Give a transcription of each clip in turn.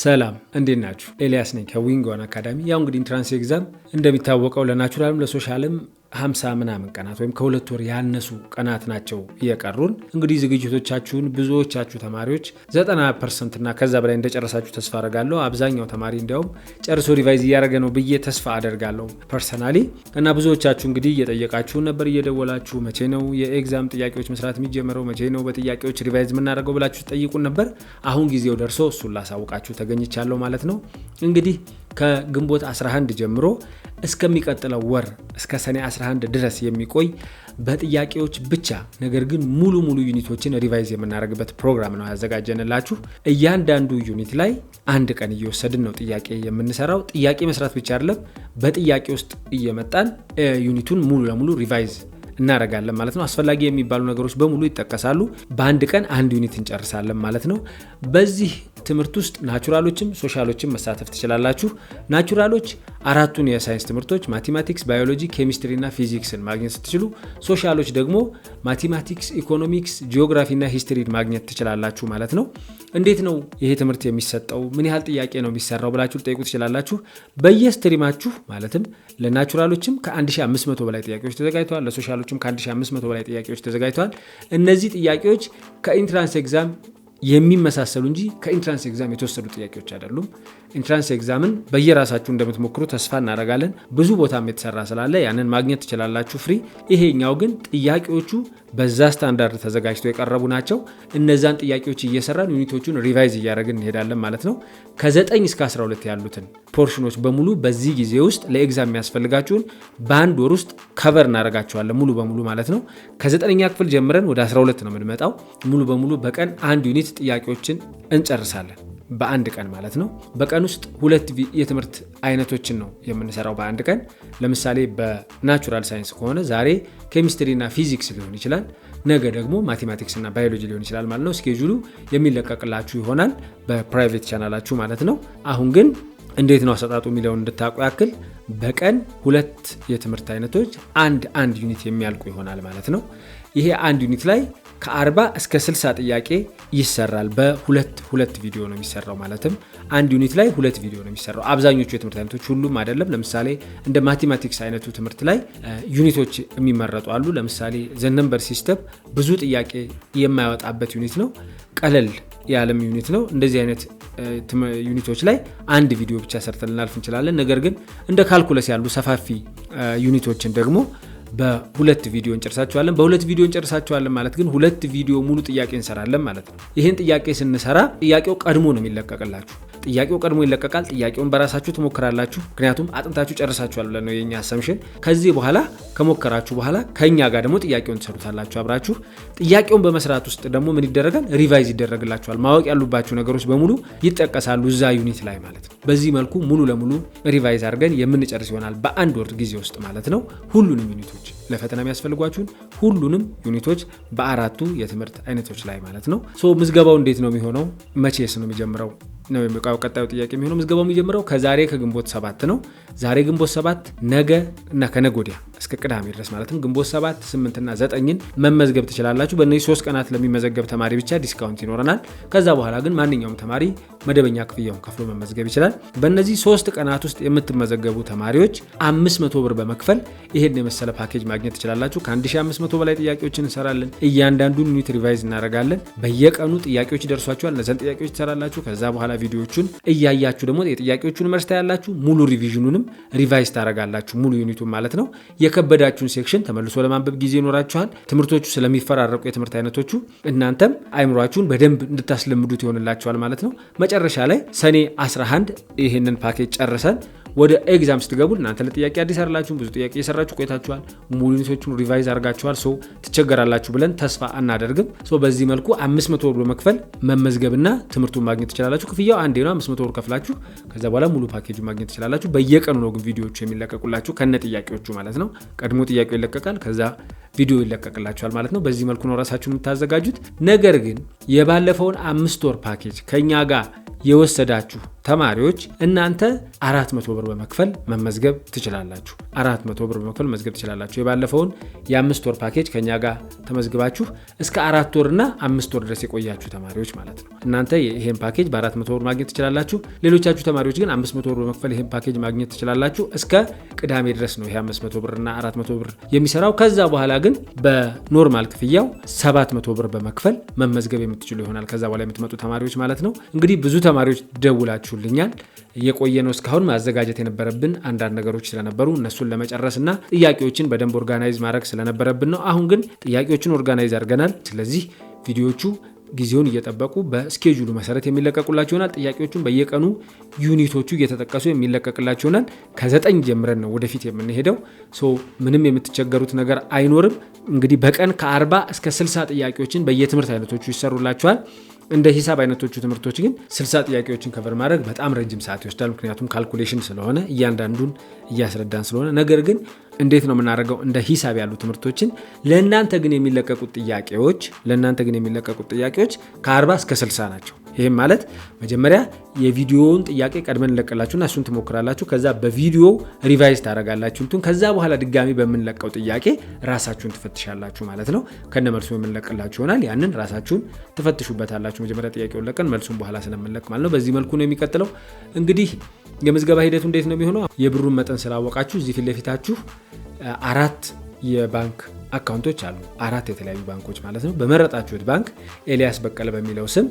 ሰላም እንዴት ናችሁ? ኤልያስ ነኝ ከዊንግ ዋን አካዳሚ። ያው እንግዲህ ኢንትራንስ ኤግዛም እንደሚታወቀው ለናቹራልም ለሶሻልም ሀምሳ ምናምን ቀናት ወይም ከሁለት ወር ያነሱ ቀናት ናቸው እየቀሩን። እንግዲህ ዝግጅቶቻችሁን ብዙዎቻችሁ ተማሪዎች ዘጠና ፐርሰንት እና ከዛ በላይ እንደጨረሳችሁ ተስፋ አደርጋለሁ። አብዛኛው ተማሪ እንዲያውም ጨርሶ ሪቫይዝ እያደረገ ነው ብዬ ተስፋ አደርጋለሁ ፐርሰናሊ። እና ብዙዎቻችሁ እንግዲህ እየጠየቃችሁን ነበር እየደወላችሁ፣ መቼ ነው የኤግዛም ጥያቄዎች መስራት የሚጀምረው፣ መቼ ነው በጥያቄዎች ሪቫይዝ የምናደርገው ብላችሁ ትጠይቁን ነበር። አሁን ጊዜው ደርሶ እሱን ላሳውቃችሁ ተገኝቻለሁ ማለት ነው እንግዲህ ከግንቦት 11 ጀምሮ እስከሚቀጥለው ወር እስከ ሰኔ 11 ድረስ የሚቆይ በጥያቄዎች ብቻ ነገር ግን ሙሉ ሙሉ ዩኒቶችን ሪቫይዝ የምናደርግበት ፕሮግራም ነው ያዘጋጀንላችሁ። እያንዳንዱ ዩኒት ላይ አንድ ቀን እየወሰድን ነው ጥያቄ የምንሰራው። ጥያቄ መስራት ብቻ አይደለም፣ በጥያቄ ውስጥ እየመጣን ዩኒቱን ሙሉ ለሙሉ ሪቫይዝ እናደርጋለን ማለት ነው። አስፈላጊ የሚባሉ ነገሮች በሙሉ ይጠቀሳሉ። በአንድ ቀን አንድ ዩኒት እንጨርሳለን ማለት ነው። በዚህ ትምህርት ውስጥ ናቹራሎችም ሶሻሎችም መሳተፍ ትችላላችሁ። ናቹራሎች አራቱን የሳይንስ ትምህርቶች ማቴማቲክስ፣ ባዮሎጂ፣ ኬሚስትሪ እና ፊዚክስን ማግኘት ስትችሉ፣ ሶሻሎች ደግሞ ማቴማቲክስ፣ ኢኮኖሚክስ፣ ጂኦግራፊ እና ሂስትሪን ማግኘት ትችላላችሁ ማለት ነው። እንዴት ነው ይሄ ትምህርት የሚሰጠው? ምን ያህል ጥያቄ ነው የሚሰራው ብላችሁ ልጠይቁ ትችላላችሁ። በየስትሪማችሁ ማለትም ለናቹራሎችም ከ1500 በላይ ጥያቄዎች ተዘጋጅተዋል። ለሶሻሎችም ከ1500 በላይ ጥያቄዎች ተዘጋጅተዋል። እነዚህ ጥያቄዎች ከኢንትራንስ ኤግዛም የሚመሳሰሉ እንጂ ከኢንትራንስ ኤግዛም የተወሰዱ ጥያቄዎች አይደሉም። ኢንትራንስ ኤግዛምን በየራሳችሁ እንደምትሞክሩ ተስፋ እናደርጋለን። ብዙ ቦታም የተሰራ ስላለ ያንን ማግኘት ትችላላችሁ ፍሪ። ይሄኛው ግን ጥያቄዎቹ በዛ ስታንዳርድ ተዘጋጅቶ የቀረቡ ናቸው። እነዛን ጥያቄዎች እየሰራን ዩኒቶቹን ሪቫይዝ እያደረግን እንሄዳለን ማለት ነው። ከ9 እስከ 12 ያሉትን ፖርሽኖች በሙሉ በዚህ ጊዜ ውስጥ ለኤግዛም የሚያስፈልጋችሁን በአንድ ወር ውስጥ ከቨር እናደርጋቸዋለን ሙሉ በሙሉ ማለት ነው። ከ9ኛ ክፍል ጀምረን ወደ 12 ነው የምንመጣው። ሙሉ በሙሉ በቀን አንድ ዩኒት ጥያቄዎችን እንጨርሳለን። በአንድ ቀን ማለት ነው። በቀን ውስጥ ሁለት የትምህርት አይነቶችን ነው የምንሰራው በአንድ ቀን። ለምሳሌ በናቹራል ሳይንስ ከሆነ ዛሬ ኬሚስትሪ ፊዚክስ ሊሆን ይችላል፣ ነገ ደግሞ ማቴማቲክስ እና ባዮሎጂ ሊሆን ይችላል ማለት ነው። እስኬጁሉ የሚለቀቅላችሁ ይሆናል በፕራይቬት ቻናላችሁ ማለት ነው። አሁን ግን እንዴት ነው አሰጣጡ የሚለውን እንድታውቁ ያክል በቀን ሁለት የትምህርት አይነቶች አንድ አንድ ዩኒት የሚያልቁ ይሆናል ማለት ነው። ይሄ አንድ ዩኒት ላይ ከአርባ እስከ 60 ጥያቄ ይሰራል። በሁለት ሁለት ቪዲዮ ነው የሚሰራው። ማለትም አንድ ዩኒት ላይ ሁለት ቪዲዮ ነው የሚሰራው። አብዛኞቹ የትምህርት አይነቶች ሁሉም አይደለም። ለምሳሌ እንደ ማቴማቲክስ አይነቱ ትምህርት ላይ ዩኒቶች የሚመረጡ አሉ። ለምሳሌ ዘነንበር ሲስተም ብዙ ጥያቄ የማያወጣበት ዩኒት ነው። ቀለል የዓለም ዩኒት ነው። እንደዚህ አይነት ዩኒቶች ላይ አንድ ቪዲዮ ብቻ ሰርተን ልናልፍ እንችላለን። ነገር ግን እንደ ካልኩለስ ያሉ ሰፋፊ ዩኒቶችን ደግሞ በሁለት ቪዲዮ እንጨርሳቸዋለን። በሁለት ቪዲዮ እንጨርሳቸዋለን ማለት ግን ሁለት ቪዲዮ ሙሉ ጥያቄ እንሰራለን ማለት ነው። ይህን ጥያቄ ስንሰራ ጥያቄው ቀድሞ ነው የሚለቀቅላችሁ። ጥያቄው ቀድሞ ይለቀቃል። ጥያቄውን በራሳችሁ ትሞክራላችሁ። ምክንያቱም አጥንታችሁ ጨርሳችኋል ብለን ነው የኛ አሰምሽን። ከዚህ በኋላ ከሞከራችሁ በኋላ ከኛ ጋር ደግሞ ጥያቄውን ትሰሩታላችሁ አብራችሁ። ጥያቄውን በመስራት ውስጥ ደግሞ ምን ይደረጋል? ሪቫይዝ ይደረግላችኋል። ማወቅ ያሉባቸው ነገሮች በሙሉ ይጠቀሳሉ እዛ ዩኒት ላይ ማለት ነው። በዚህ መልኩ ሙሉ ለሙሉ ሪቫይዝ አድርገን የምንጨርስ ይሆናል በአንድ ወር ጊዜ ውስጥ ማለት ነው። ሁሉንም ዩኒቶች ለፈተና የሚያስፈልጓችሁን ሁሉንም ዩኒቶች በአራቱ የትምህርት አይነቶች ላይ ማለት ነው። ሶ ምዝገባው እንዴት ነው የሚሆነው? መቼስ ነው የሚጀምረው? ነው ቀጣዩ ጥያቄ የሚሆነው። ምዝገባው የሚጀምረው ከዛሬ ከግንቦት ሰባት ነው። ዛሬ ግንቦት ሰባት ነገ እና ከነጎዲያ እስከ ቅዳሜ ድረስ ማለትም ግንቦት ሰባት ስምንትና ዘጠኝን መመዝገብ ትችላላችሁ። በእነዚህ ሶስት ቀናት ለሚመዘገብ ተማሪ ብቻ ዲስካውንት ይኖረናል። ከዛ በኋላ ግን ማንኛውም ተማሪ መደበኛ ክፍያውን ከፍሎ መመዝገብ ይችላል። በእነዚህ ሶስት ቀናት ውስጥ የምትመዘገቡ ተማሪዎች 500 ብር በመክፈል ይሄን የመሰለ ፓኬጅ ማግኘት ትችላላችሁ። ከ1500 በላይ ጥያቄዎችን እንሰራለን። እያንዳንዱን ዩኒት ሪቫይዝ እናደርጋለን። በየቀኑ ጥያቄዎች ይደርሷችኋል። እነዚያን ጥያቄዎች ትሰራላችሁ። ከዛ በኋላ ቪዲዮዎቹን እያያችሁ ደግሞ የጥያቄዎቹን መልስ ታያላችሁ። ሙሉ ሪቪዥኑንም ሪቫይዝ ታደርጋላችሁ። ሙሉ ዩኒቱን ማለት ነው። የከበዳችሁን ሴክሽን ተመልሶ ለማንበብ ጊዜ ይኖራችኋል። ትምህርቶቹ ስለሚፈራረቁ የትምህርት አይነቶቹ እናንተም አይምሯችሁን በደንብ እንድታስለምዱት ይሆንላችኋል ማለት ነው። መጨረሻ ላይ ሰኔ 11 ይህንን ፓኬጅ ጨርሰን ወደ ኤግዛም ስትገቡ እናንተ ለጥያቄ አዲስ አይደላችሁም። ብዙ ጥያቄ የሰራችሁ ቆይታችኋል። ሙሉኒቶቹን ሪቫይዝ አድርጋችኋል። ሰው ትቸገራላችሁ ብለን ተስፋ አናደርግም። ሰው በዚህ መልኩ 500 ብር በመክፈል መመዝገብና ትምህርቱን ማግኘት ትችላላችሁ። ክፍያው አንዴ ነው። 500 ብር ከፍላችሁ ከዛ በኋላ ሙሉ ፓኬጁ ማግኘት ትችላላችሁ። በየቀኑ ነው ግን ቪዲዮዎቹ የሚለቀቁላችሁ ከነ ጥያቄዎቹ ማለት ነው። ቀድሞ ጥያቄው ይለቀቃል፣ ከዛ ቪዲዮ ይለቀቅላችኋል ማለት ነው። በዚህ መልኩ ነው ራሳችሁን የምታዘጋጁት። ነገር ግን የባለፈውን አምስት ወር ፓኬጅ ከእኛ ጋር የወሰዳችሁ ተማሪዎች እናንተ 400 ብር በመክፈል መመዝገብ ትችላላችሁ። 400 ብር በመክፈል መመዝገብ ትችላላችሁ። የባለፈውን የአምስት ወር ፓኬጅ ከኛ ጋር ተመዝግባችሁ እስከ አራት ወርና አምስት ወር ድረስ የቆያችሁ ተማሪዎች ማለት ነው። እናንተ ይህን ፓኬጅ በ400 ብር ማግኘት ትችላላችሁ። ሌሎቻችሁ ተማሪዎች ግን 500 ብር በመክፈል ይህን ፓኬጅ ማግኘት ትችላላችሁ። እስከ ቅዳሜ ድረስ ነው ይሄ 500 ብርና 400 ብር የሚሰራው። ከዛ በኋላ ግን በኖርማል ክፍያው 700 ብር በመክፈል መመዝገብ የምትችሉ ይሆናል። ከዛ በኋላ የምትመጡ ተማሪዎች ማለት ነው። እንግዲህ ብዙ ተማሪዎች ደውላችሁ አድርሳችሁልኛል። እየቆየ ነው። እስካሁን ማዘጋጀት የነበረብን አንዳንድ ነገሮች ስለነበሩ እነሱን ለመጨረስ ጥያቄዎችን በደንብ ኦርጋናይዝ ማድረግ ስለነበረብን ነው። አሁን ግን ጥያቄዎችን ኦርጋናይዝ አድርገናል። ስለዚህ ቪዲዮዎቹ ጊዜውን እየጠበቁ በስኬጁሉ መሰረት የሚለቀቁላቸው ይሆናል። ጥያቄዎቹን በየቀኑ ዩኒቶቹ እየተጠቀሱ የሚለቀቅላቸው ይሆናል። ከዘጠኝ ጀምረን ነው ወደፊት የምንሄደው። ምንም የምትቸገሩት ነገር አይኖርም። እንግዲህ በቀን ከ40 እስከ 60 ጥያቄዎችን በየትምህርት አይነቶቹ ይሰሩላቸዋል። እንደ ሂሳብ አይነቶቹ ትምህርቶች ግን 60 ጥያቄዎችን ከቨር ማድረግ በጣም ረጅም ሰዓት ይወስዳል። ምክንያቱም ካልኩሌሽን ስለሆነ እያንዳንዱን እያስረዳን ስለሆነ ነገር ግን እንዴት ነው የምናደርገው? እንደ ሂሳብ ያሉ ትምህርቶችን ለእናንተ ግን የሚለቀቁት ጥያቄዎች ለእናንተ ግን የሚለቀቁት ጥያቄዎች ከ40 እስከ 60 ናቸው። ይህም ማለት መጀመሪያ የቪዲዮውን ጥያቄ ቀድመን እንለቅላችሁና እሱን ትሞክራላችሁ። ከዛ በቪዲዮ ሪቫይዝ ታደርጋላችሁ እንትን ከዛ በኋላ ድጋሚ በምንለቀው ጥያቄ ራሳችሁን ትፈትሻላችሁ ማለት ነው። ከነመልሱ የምንለቅላችሁ ይሆናል። ያንን ራሳችሁን ትፈትሹበታላችሁ አለባቸው። መጀመሪያ ጥያቄውን ለቀን መልሱን በኋላ ስለምንለቅ ማለት ነው። በዚህ መልኩ ነው የሚቀጥለው። እንግዲህ የምዝገባ ሂደቱ እንዴት ነው የሚሆነው? የብሩን መጠን ስላወቃችሁ እዚህ ፊት ለፊታችሁ አራት የባንክ አካውንቶች አሉ። አራት የተለያዩ ባንኮች ማለት ነው። በመረጣችሁት ባንክ ኤልያስ በቀለ በሚለው ስም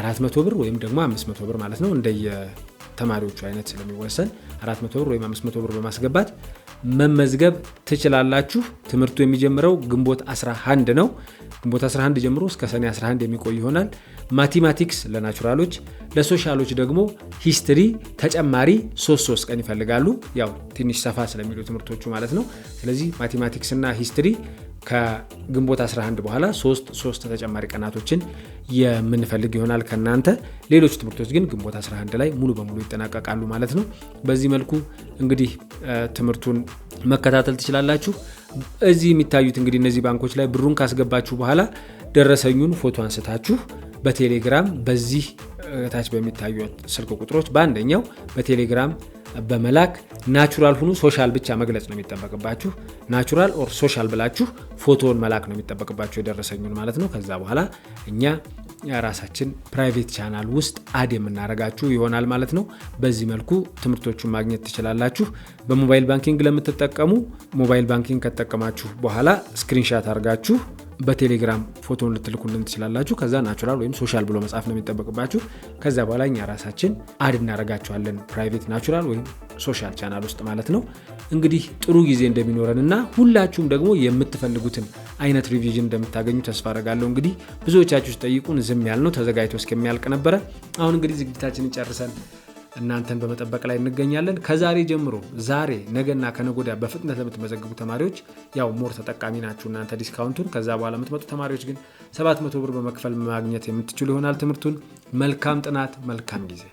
አራት መቶ ብር ወይም ደግሞ 500 ብር ማለት ነው እንደየ ተማሪዎቹ አይነት ስለሚወሰን 400 ብር ወይም 500 ብር በማስገባት መመዝገብ ትችላላችሁ። ትምህርቱ የሚጀምረው ግንቦት 11 ነው። ግንቦት 11 ጀምሮ እስከ ሰኔ 11 የሚቆይ ይሆናል። ማቴማቲክስ ለናቹራሎች፣ ለሶሻሎች ደግሞ ሂስትሪ ተጨማሪ 3 3 ቀን ይፈልጋሉ። ያው ትንሽ ሰፋ ስለሚሉ ትምህርቶቹ ማለት ነው። ስለዚህ እና ሂስትሪ ከግንቦት 11 በኋላ ሶስት ሶስት ተጨማሪ ቀናቶችን የምንፈልግ ይሆናል ከእናንተ። ሌሎች ትምህርቶች ግን ግንቦት 11 ላይ ሙሉ በሙሉ ይጠናቀቃሉ ማለት ነው። በዚህ መልኩ እንግዲህ ትምህርቱን መከታተል ትችላላችሁ። እዚህ የሚታዩት እንግዲህ እነዚህ ባንኮች ላይ ብሩን ካስገባችሁ በኋላ ደረሰኙን ፎቶ አንስታችሁ በቴሌግራም በዚህ ታች በሚታዩ ስልክ ቁጥሮች በአንደኛው በቴሌግራም በመላክ ናቹራል ሁኑ። ሶሻል ብቻ መግለጽ ነው የሚጠበቅባችሁ። ናቹራል ኦር ሶሻል ብላችሁ ፎቶውን መላክ ነው የሚጠበቅባችሁ፣ የደረሰኙን ማለት ነው። ከዛ በኋላ እኛ ራሳችን ፕራይቬት ቻናል ውስጥ አድ የምናረጋችሁ ይሆናል ማለት ነው። በዚህ መልኩ ትምህርቶቹን ማግኘት ትችላላችሁ። በሞባይል ባንኪንግ ለምትጠቀሙ ሞባይል ባንኪንግ ከተጠቀማችሁ በኋላ ስክሪንሻት አድርጋችሁ በቴሌግራም ፎቶን ልትልኩልን ትችላላችሁ። ከዛ ናቹራል ወይም ሶሻል ብሎ መጻፍ ነው የሚጠበቅባችሁ። ከዛ በኋላ እኛ ራሳችን አድ እናረጋቸዋለን ፕራይቬት ናቹራል ወይም ሶሻል ቻናል ውስጥ ማለት ነው። እንግዲህ ጥሩ ጊዜ እንደሚኖረን እና ሁላችሁም ደግሞ የምትፈልጉትን አይነት ሪቪዥን እንደምታገኙ ተስፋ አረጋለሁ። እንግዲህ ብዙዎቻችሁ ስጠይቁን ዝም ያልነው ተዘጋጅቶ እስከሚያልቅ ነበረ። አሁን እንግዲህ ዝግጅታችንን ጨርሰን እናንተን በመጠበቅ ላይ እንገኛለን። ከዛሬ ጀምሮ ዛሬ ነገና ከነጎዳ በፍጥነት ለምትመዘግቡ ተማሪዎች ያው ሞር ተጠቃሚ ናችሁ እናንተ ዲስካውንቱን። ከዛ በኋላ የምትመጡ ተማሪዎች ግን 700 ብር በመክፈል ማግኘት የምትችሉ ይሆናል ትምህርቱን። መልካም ጥናት፣ መልካም ጊዜ